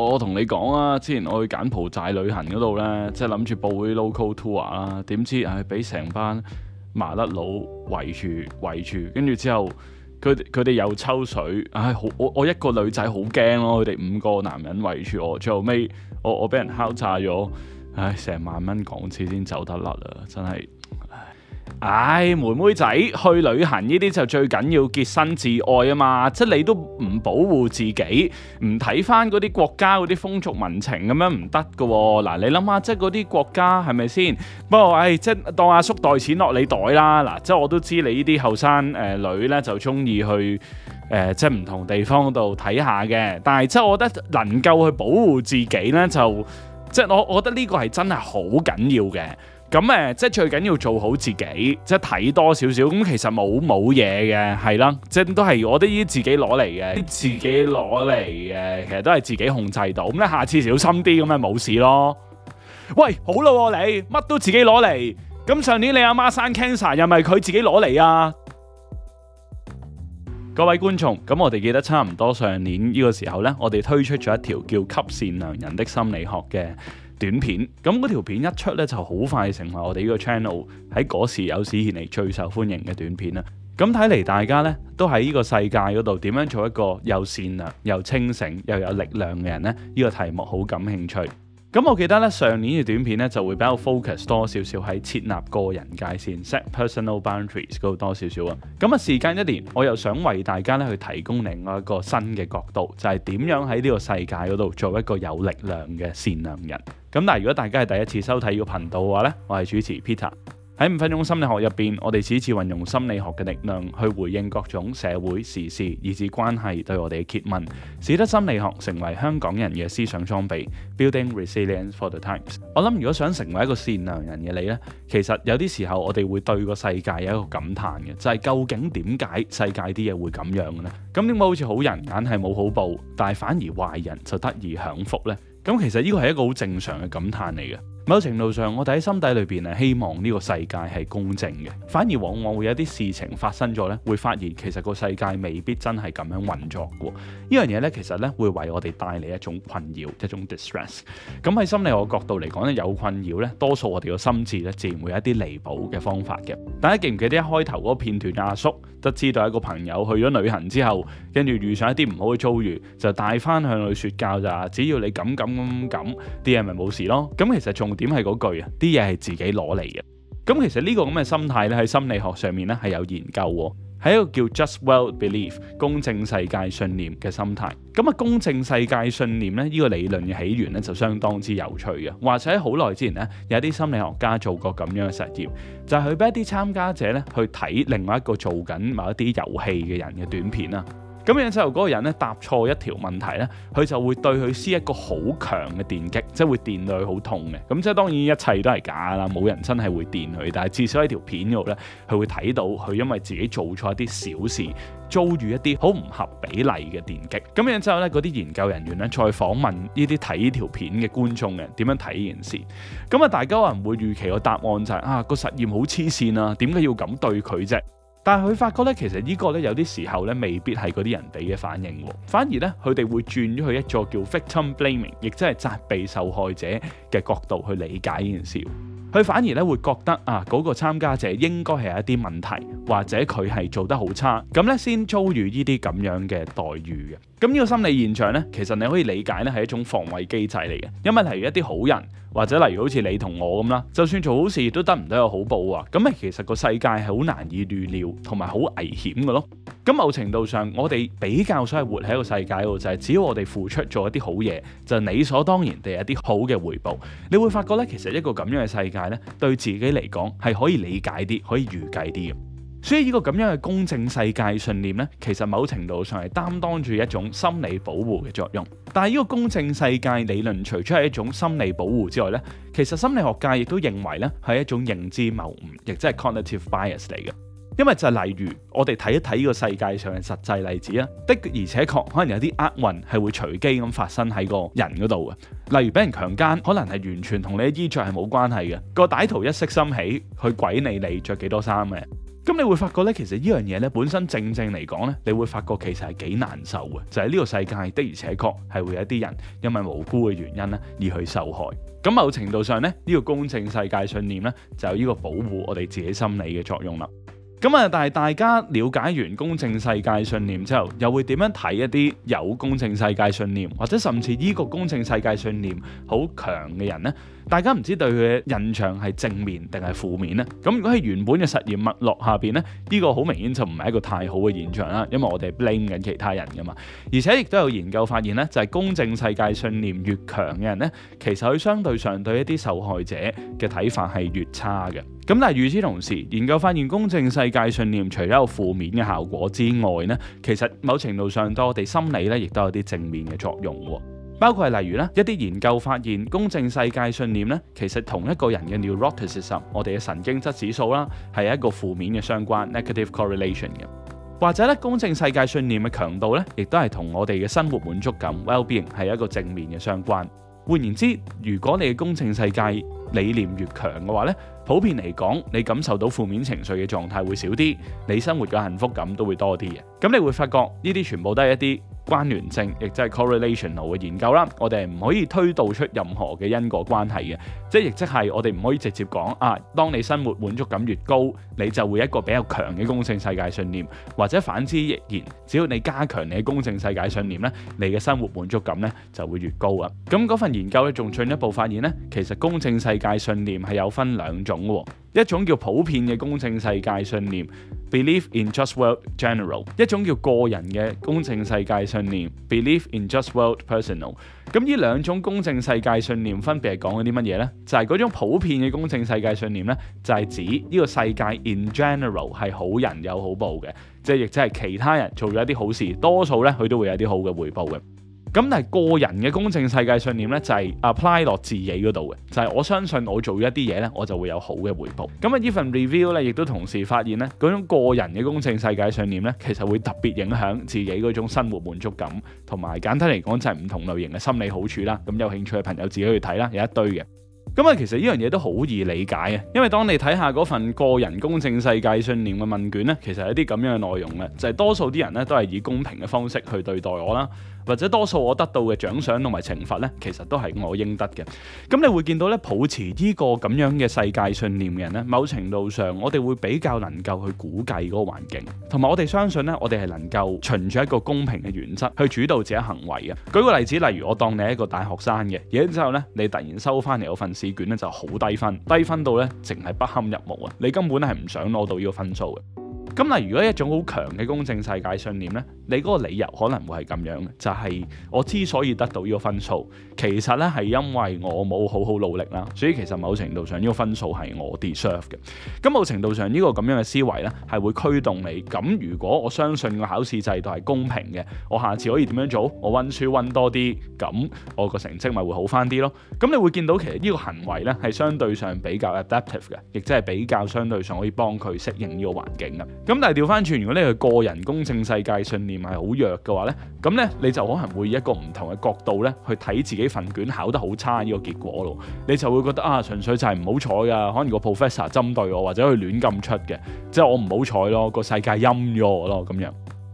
我同你講啊，之前我去柬埔寨旅行嗰度呢，即係諗住報啲 local tour 啦、啊，點知唉俾成班麻甩佬圍住圍住，跟住之後佢佢哋又抽水，唉、哎、好我我一個女仔好驚咯，佢哋五個男人圍住我，最後尾我我俾人敲詐咗，唉、哎、成萬蚊港紙先走得甩啊，真係。唉、哎，妹妹仔去旅行呢啲就最緊要潔身自愛啊嘛！即係你都唔保護自己，唔睇翻嗰啲國家嗰啲風俗民情咁樣唔得噶。嗱、哦，你諗下，即係嗰啲國家係咪先？不過唉、哎，即係當阿叔袋錢落你袋啦。嗱，即係我都知你呢啲後生誒女呢，就中意去誒、呃、即係唔同地方度睇下嘅。但係即係我覺得能夠去保護自己呢，就即係我我覺得呢個係真係好緊要嘅。咁誒，即係最緊要做好自己，即係睇多少少，咁其實冇冇嘢嘅，係啦，即係都係我啲自己攞嚟嘅，自己攞嚟嘅，其實都係自己控制到。咁你下次小心啲，咁咪冇事咯。喂，好啦，啊，你乜都自己攞嚟。咁上年你阿媽生 cancer，又咪佢自己攞嚟啊？各位觀眾，咁我哋記得差唔多上年呢個時候呢，我哋推出咗一條叫《給善良人的心理學》嘅。短片咁嗰條片一出咧，就好快成為我哋呢個 channel 喺嗰時有史以來最受歡迎嘅短片啦。咁睇嚟大家咧都喺呢個世界嗰度點樣做一個又善良又清醒又有力量嘅人咧，呢個題目好感興趣。咁、嗯、我記得咧，上年嘅短片咧就會比較 focus 多少少喺設立個人界線 set personal boundaries 嗰度多少少啊。咁、嗯、啊，時間一年，我又想為大家咧去提供另外一個新嘅角度，就係、是、點樣喺呢個世界嗰度做一個有力量嘅善良人。咁、嗯、但係如果大家係第一次收睇呢個頻道嘅話咧，我係主持 Peter。喺五分鐘心理學入邊，我哋此次運用心理學嘅力量去回應各種社會時事，以至關係對我哋嘅詰問，使得心理學成為香港人嘅思想裝備。Building resilience for the times。我諗如果想成為一個善良人嘅你呢，其實有啲時候我哋會對個世界有一個感嘆嘅，就係究竟點解世界啲嘢會咁樣呢？咁點解好似好人硬係冇好報，但係反而壞人就得以享福呢？咁其實呢個係一個好正常嘅感嘆嚟嘅。某程度上，我哋喺心底裏邊係希望呢個世界係公正嘅，反而往往會有啲事情發生咗咧，會發現其實個世界未必真係咁樣運作嘅。呢樣嘢咧，其實咧會為我哋帶嚟一種困擾，一種 distress。咁喺心理學角度嚟講咧，有困擾咧，多數我哋個心智咧，自然會有一啲彌補嘅方法嘅。大家記唔記得一開頭個片段阿叔，得知道一個朋友去咗旅行之後跟住遇上一啲唔好嘅遭遇，就帶翻向佢説教咋，只要你咁咁咁咁，啲嘢咪冇事咯。咁其實仲點係嗰句啊？啲嘢係自己攞嚟嘅。咁其實呢個咁嘅心態咧，喺心理學上面咧係有研究喎。係一個叫 Just World Belief（ 公正世界信念）嘅心態。咁啊，公正世界信念咧，呢個理論嘅起源咧就相當之有趣嘅。話說喺好耐之前咧，有啲心理學家做過咁樣嘅實驗，就係佢俾一啲參加者咧去睇另外一個做緊某一啲遊戲嘅人嘅短片啦。咁樣之後，嗰個人咧答錯一條問題咧，佢就會對佢施一個好強嘅電擊，即係會電到佢好痛嘅。咁即係當然一切都係假啦，冇人真係會電佢。但係至少喺條片度咧，佢會睇到佢因為自己做錯一啲小事，遭遇一啲好唔合比例嘅電擊。咁樣之後咧，嗰啲研究人員咧再訪問呢啲睇呢條片嘅觀眾嘅點樣睇呢件事。咁啊，大家可能會預期個答案就係，啊，個實驗好黐線啊，點解要咁對佢啫？但係佢發覺咧，其實個呢個咧有啲時候咧，未必係嗰啲人哋嘅反應喎、哦，反而咧佢哋會轉咗去一座叫 victim blaming，亦即係責備受害者嘅角度去理解呢件事。佢反而咧會覺得啊，嗰個參加者應該係一啲問題，或者佢係做得好差，咁咧先遭遇呢啲咁樣嘅待遇嘅。咁呢個心理現象咧，其實你可以理解咧係一種防衛機制嚟嘅。因為例如一啲好人，或者例如好似你同我咁啦，就算做好事都得唔到個好報啊。咁咧其實個世界係好難以預料同埋好危險嘅咯。咁某程度上，我哋比較想係活喺一個世界度，就係只要我哋付出咗一啲好嘢，就理所當然地有啲好嘅回報，你會發覺咧，其實一個咁樣嘅世界。對自己嚟講係可以理解啲，可以預計啲嘅。所以呢個咁樣嘅公正世界信念呢，其實某程度上係擔當住一種心理保護嘅作用。但係呢個公正世界理論，除咗係一種心理保護之外呢，其實心理學界亦都認為呢係一種認知謬誤，亦即係 cognitive bias 嚟嘅。因為就係例如，我哋睇一睇呢個世界上嘅實際例子啊，的而且確可能有啲厄運係會隨機咁發生喺個人嗰度啊。例如俾人強姦，可能係完全同你嘅衣着係冇關係嘅。個歹徒一色心起佢鬼理你，你，你着幾多衫嘅。咁你會發覺呢？其實呢樣嘢呢，本身正正嚟講呢，你會發覺其實係幾難受嘅。就喺、是、呢個世界的而且確係會有一啲人因為無辜嘅原因呢而去受害。咁某程度上呢，呢、呢個公正世界信念呢，就有呢個保護我哋自己心理嘅作用啦。咁啊！但係大家了解完公正世界信念之後，又會點樣睇一啲有公正世界信念，或者甚至依個公正世界信念好強嘅人呢？大家唔知對佢嘅印象係正面定係負面呢？咁如果喺原本嘅實驗脈絡下邊呢，呢個好明顯就唔係一個太好嘅現象啦，因為我哋 blame 緊其他人噶嘛。而且亦都有研究發現呢，就係公正世界信念越強嘅人呢，其實佢相對上對一啲受害者嘅睇法係越差嘅。咁但係與此同時，研究發現公正世界信念除咗有負面嘅效果之外呢，其實某程度上對我哋心理呢，亦都有啲正面嘅作用喎。包括係例如咧，一啲研究發現，公正世界信念咧，其實同一個人嘅 Neuroticism，我哋嘅神經質指數啦，係一個負面嘅相關 （negative correlation） 嘅。或者咧，公正世界信念嘅強度咧，亦都係同我哋嘅生活滿足感 （well-being） 係一個正面嘅相關。換言之，如果你嘅公正世界理念越強嘅話咧，普遍嚟講，你感受到負面情緒嘅狀態會少啲，你生活嘅幸福感都會多啲嘅。咁你會發覺呢啲全部都係一啲關聯性，亦即係 correlational 嘅研究啦，我哋唔可以推導出任何嘅因果關係嘅，即係亦即係我哋唔可以直接講啊，當你生活滿足感越高，你就會一個比較強嘅公正世界信念，或者反之亦然，只要你加強你嘅公正世界信念咧，你嘅生活滿足感咧就會越高啊。咁嗰份研究咧仲進一步發現咧，其實公正世界信念係有分兩種一種叫普遍嘅公正世界信念 b e l i e f in just world general），一種叫個人嘅公正世界信念 b e l i e f in just world personal）。咁呢兩種公正世界信念分別係講緊啲乜嘢呢？就係、是、嗰種普遍嘅公正世界信念呢，就係指呢個世界 in general 係好人有好報嘅，即係亦即係其他人做咗一啲好事，多數呢佢都會有啲好嘅回報嘅。咁但係個人嘅公正世界信念咧就係 apply 落自己嗰度嘅，就係我相信我做一啲嘢咧我就會有好嘅回報。咁啊，呢份 review 咧亦都同時發現咧嗰種個人嘅公正世界信念咧其實會特別影響自己嗰種生活滿足感，同埋簡單嚟講就係唔同類型嘅心理好處啦。咁有興趣嘅朋友自己去睇啦，有一堆嘅。咁啊，其實呢樣嘢都好易理解嘅，因為當你睇下嗰份個人公正世界信念嘅問卷咧其實係一啲咁樣嘅內容嘅，就係多數啲人咧都係以公平嘅方式去對待我啦。或者多數我得到嘅獎賞同埋懲罰呢，其實都係我應得嘅。咁你會見到呢，抱持呢個咁樣嘅世界信念嘅人呢，某程度上我哋會比較能夠去估計嗰個環境，同埋我哋相信呢，我哋係能夠循住一個公平嘅原則去主導自己行為嘅。舉個例子，例如我當你係一個大學生嘅，然之後呢，你突然收翻嚟嗰份試卷呢，就好低分，低分到呢，淨係不堪入目啊！你根本係唔想攞到呢個分數嘅。咁嗱，如果一種好強嘅公正世界信念呢，你嗰個理由可能會係咁樣，就係我之所以得到呢個分數，其實呢係因為我冇好好努力啦，所以其實某程度上呢個分數係我 deserve 嘅。咁某程度上呢個咁樣嘅思維呢係會驅動你。咁如果我相信個考試制度係公平嘅，我下次可以點樣做？我溫書溫多啲，咁我個成績咪會好返啲咯。咁你會見到其實呢個行為呢係相對上比較 adaptive 嘅，亦即係比較相對上可以幫佢適應呢個環境嘅。咁但係掉翻轉，如果你嘅個人公正世界信念係好弱嘅話咧，咁咧你就可能會以一個唔同嘅角度咧去睇自己份卷考得好差呢個結果咯，你就會覺得啊，純粹就係唔好彩噶，可能個 professor 針對我或者佢亂咁出嘅，即係我唔好彩咯，個世界陰咗我咯咁樣。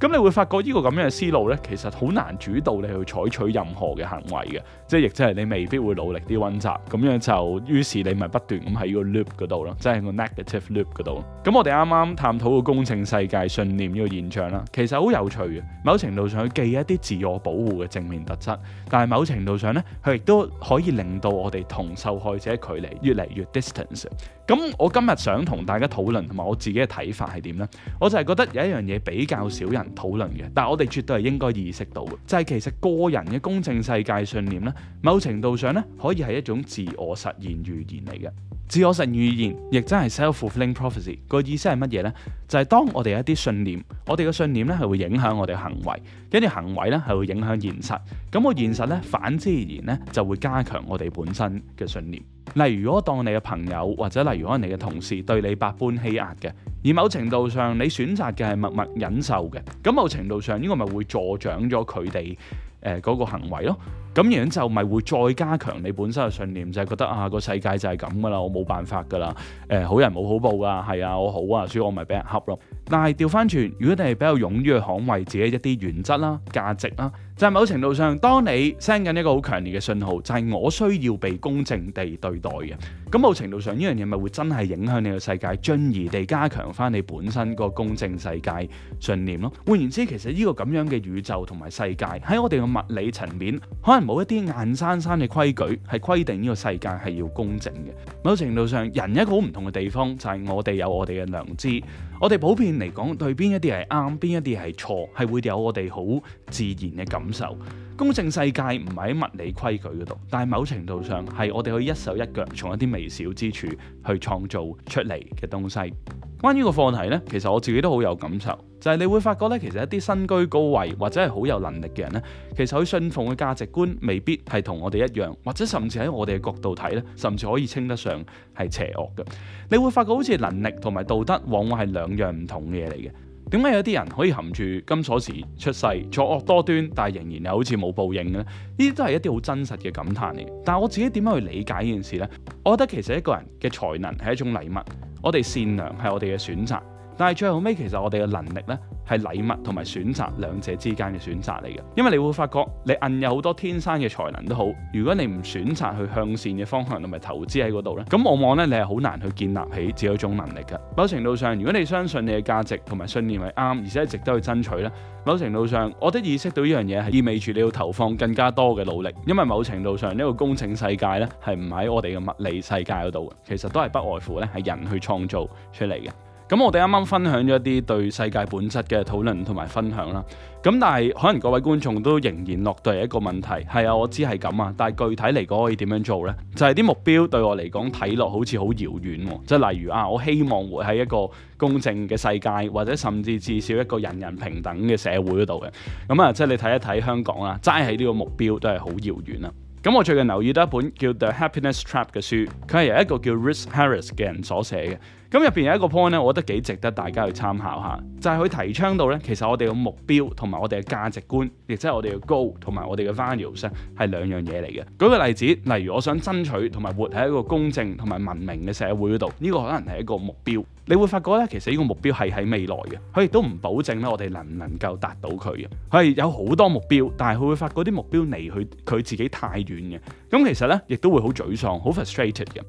咁你會發覺呢個咁樣嘅思路咧，其實好難主導你去採取任何嘅行為嘅，即係亦即係你未必會努力啲溫習，咁樣就於是你咪不斷咁喺個 loop 嗰度咯，即係個 negative loop 嗰度。咁我哋啱啱探討個公正世界信念呢個現象啦，其實好有趣嘅。某程度上佢記一啲自我保護嘅正面特質，但係某程度上呢佢亦都可以令到我哋同受害者距離越嚟越 distance。咁我今日想同大家討論同埋我自己嘅睇法係點呢？我就係覺得有一樣嘢比較少人討論嘅，但係我哋絕對係應該意識到嘅，就係其實個人嘅公正世界信念呢，某程度上呢可以係一種自我實現預言嚟嘅。自我實現預言亦真係 self-fulfilling prophecy。個意思係乜嘢呢？就係、是、當我哋有一啲信念，我哋嘅信念呢係會影響我哋嘅行為，一啲行為呢係會影響現實。咁個現實呢，反之而然呢，就會加強我哋本身嘅信念。例如，如果當你嘅朋友或者例如可能你嘅同事對你百般欺壓嘅，而某程度上你選擇嘅係默默忍受嘅，咁某程度上呢個咪會助長咗佢哋嗰個行為咯。咁樣就咪會再加強你本身嘅信念，就係、是、覺得啊個世界就係咁噶啦，我冇辦法噶啦，誒、呃、好人冇好報噶，係啊我好啊，所以我咪俾人恰咯。但係調翻轉，如果你係比較勇於去捍衛自己一啲原則啦、價值啦，就係某程度上，當你 send 緊一個好強烈嘅信號，就係我需要被公正地對待嘅。咁某程度上，呢樣嘢咪會真係影響你個世界，進而地加強翻你本身個公正世界信念咯。換言之，其實呢個咁樣嘅宇宙同埋世界，喺我哋嘅物理層面，可能冇一啲硬生生嘅規矩係規定呢個世界係要公正嘅。某程度上，人一個好唔同嘅地方就係我哋有我哋嘅良知。我哋普遍嚟講，對邊一啲係啱，邊一啲係錯，係會有我哋好自然嘅感受。公正世界唔喺物理規矩嗰度，但係某程度上係我哋可以一手一腳從一啲微小之處去創造出嚟嘅東西。關於個課題咧，其實我自己都好有感受，就係你會發覺咧，其實一啲身居高位或者係好有能力嘅人咧，其實佢信奉嘅價值觀未必係同我哋一樣，或者甚至喺我哋嘅角度睇咧，甚至可以稱得上係邪惡嘅。你會發覺好似能力同埋道德往往係兩樣唔同嘅嘢嚟嘅。點解有啲人可以含住金鎖匙出世，作惡多端，但係仍然又好似冇報應呢？呢啲都係一啲好真實嘅感嘆嚟。但係我自己點樣去理解呢件事呢？我覺得其實一個人嘅才能係一種禮物，我哋善良係我哋嘅選擇。但係最後尾，其實我哋嘅能力呢，係禮物同埋選擇兩者之間嘅選擇嚟嘅。因為你會發覺，你摁有好多天生嘅才能都好。如果你唔選擇去向善嘅方向，同埋投資喺嗰度呢，咁往往呢，你係好難去建立起自己一種能力嘅。某程度上，如果你相信你嘅價值同埋信念係啱，而且值得去爭取呢，某程度上，我覺得意識到依樣嘢係意味住你要投放更加多嘅努力。因為某程度上，呢個工程世界呢，係唔喺我哋嘅物理世界嗰度，其實都係不外乎呢，係人去創造出嚟嘅。咁我哋啱啱分享咗一啲對世界本質嘅討論同埋分享啦。咁但係可能各位觀眾都仍然落到一個問題，係啊，我知係咁啊，但係具體嚟講可以點樣做呢？就係、是、啲目標對我嚟講睇落好似好遙遠、啊，即、就、係、是、例如啊，我希望活喺一個公正嘅世界，或者甚至至少一個人人平等嘅社會嗰度嘅。咁、就是、啊，即係你睇一睇香港啦，齋喺呢個目標都係好遙遠啊。咁我最近留意到一本叫《The Happiness Trap》嘅書，佢係由一個叫 Russ Harris 嘅人所寫嘅。咁入邊有一個 point 咧，我覺得幾值得大家去參考下，就係、是、佢提倡到咧，其實我哋嘅目標同埋我哋嘅價值觀，亦即係我哋嘅 goal 同埋我哋嘅 values 係兩樣嘢嚟嘅。舉個例子，例如我想爭取同埋活喺一個公正同埋文明嘅社會度，呢、這個可能係一個目標。你會發覺咧，其實呢個目標係喺未來嘅，佢亦都唔保證咧，我哋能唔能夠達到佢嘅。佢係有好多目標，但係佢會發覺啲目標離佢佢自己太遠嘅。噉其實咧，亦都會好沮喪，好 frustrated 嘅。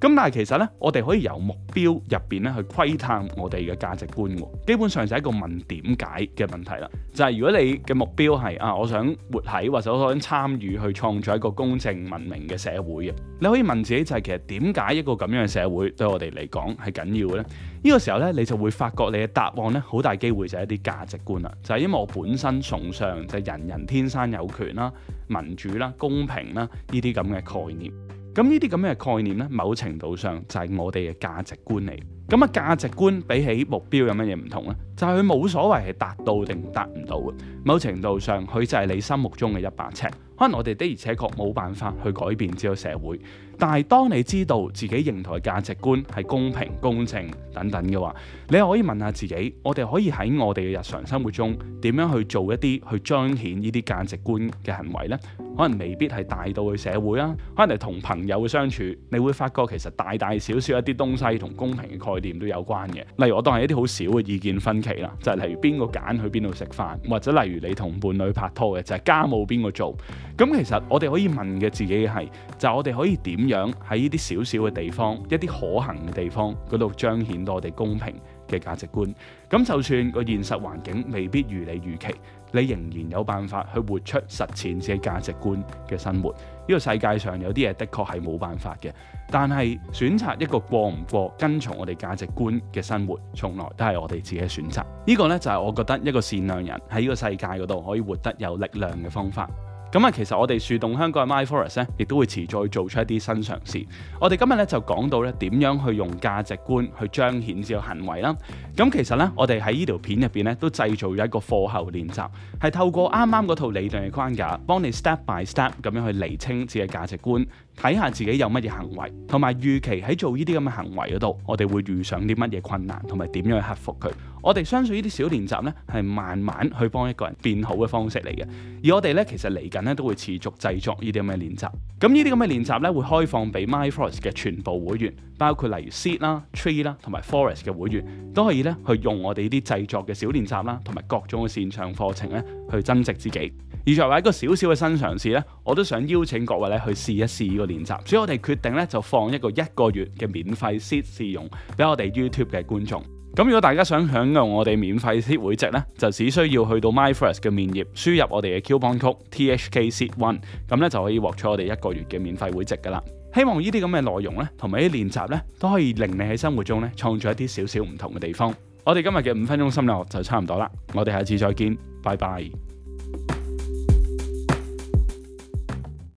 咁但係其實呢，我哋可以由目標入邊咧去窺探我哋嘅價值觀喎。基本上就係一個問點解嘅問題啦。就係、是、如果你嘅目標係啊，我想活喺或者我想參與去創造一個公正文明嘅社會嘅，你可以問自己就係其實點解一個咁樣嘅社會對我哋嚟講係緊要嘅呢？呢、呢個時候呢，你就會發覺你嘅答案呢，好大機會就係一啲價值觀啦。就係、是、因為我本身崇尚就係人人天生有權啦、民主啦、啊、公平啦呢啲咁嘅概念。咁呢啲咁嘅概念咧，某程度上就係我哋嘅價值觀嚟。咁啊，價值觀比起目標有乜嘢唔同呢？就係佢冇所謂係達到定達唔到嘅。某程度上，佢就係你心目中嘅一百尺。可能我哋的而且確冇辦法去改變呢個社會，但係當你知道自己認同嘅價值觀係公平、公正等等嘅話，你可以問下自己：我哋可以喺我哋嘅日常生活中點樣去做一啲去彰顯呢啲價值觀嘅行為呢？可能未必係大到嘅社會啦，啊，可能係同朋友嘅相處，你會發覺其實大大小小一啲東西同公平嘅概念。念都有關嘅，例如我當係一啲好少嘅意見分歧啦，就係、係、例如邊個揀去邊度食飯，或者例如你同伴侶拍拖嘅就係、係、家務邊個做，咁其實我哋可以問嘅自己係，就係、我哋可以點樣喺呢啲少少嘅地方，一啲可行嘅地方嗰度彰顯到我哋公平嘅價值觀，咁就算個現實環境未必如你預期。你仍然有辦法去活出實踐自己價值觀嘅生活。呢個世界上有啲嘢的確係冇辦法嘅，但係選擇一個過唔過跟從我哋價值觀嘅生活，從來都係我哋自己嘅選擇。呢個呢，就係我覺得一個善良人喺呢個世界嗰度可以活得有力量嘅方法。咁啊，其實我哋樹洞香港嘅 MindForest 咧，亦都會持續做出一啲新嘗試。我哋今日咧就講到咧點樣去用價值觀去彰顯自己嘅行為啦。咁、嗯、其實咧，我哋喺呢條片入邊咧都製造咗一個課後練習，係透過啱啱嗰套理論嘅框架，幫你 step by step 咁樣去釐清自己嘅價值觀。睇下自己有乜嘢行為，同埋預期喺做呢啲咁嘅行為嗰度，我哋會遇上啲乜嘢困難，同埋點樣去克服佢。我哋相信呢啲小練習呢，係慢慢去幫一個人變好嘅方式嚟嘅。而我哋呢，其實嚟緊呢，都會持續製作呢啲咁嘅練習。咁呢啲咁嘅練習呢，會開放俾 MindForest 嘅全部會員，包括例如 Seed 啦、Tree 啦同埋 Forest 嘅會員都可以呢，去用我哋呢啲製作嘅小練習啦，同埋各種嘅線上課程呢，去增值自己。而作為一個小小嘅新嘗試呢，我都想邀請各位咧去試一試。個練習，所以我哋決定咧就放一個一個月嘅免費 Seed 試用俾我哋 YouTube 嘅觀眾。咁如果大家想享用我哋免費 Seed 會籍咧，就只需要去到 MindForest 嘅面頁，輸入我哋嘅 Coupon Code THKSEED1，咁咧就可以獲取我哋一個月嘅免費會籍噶啦。希望呢啲咁嘅內容咧，同埋啲練習咧，都可以令你喺生活中咧創造一啲少少唔同嘅地方。我哋今日嘅五分鐘心理學就差唔多啦，我哋下次再見，拜拜。